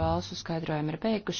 balsu skaidrojumi ir beiguši.